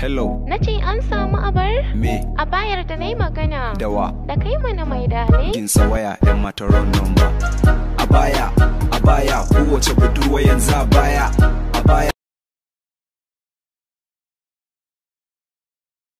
Hello. Na ce an samu abar? Me. A bayar da na yi magana. dawa Da kai mana mai dale. Ginsa waya yan mataron nan ba. A baya, a baya, kowace budurwa yanzu a baya.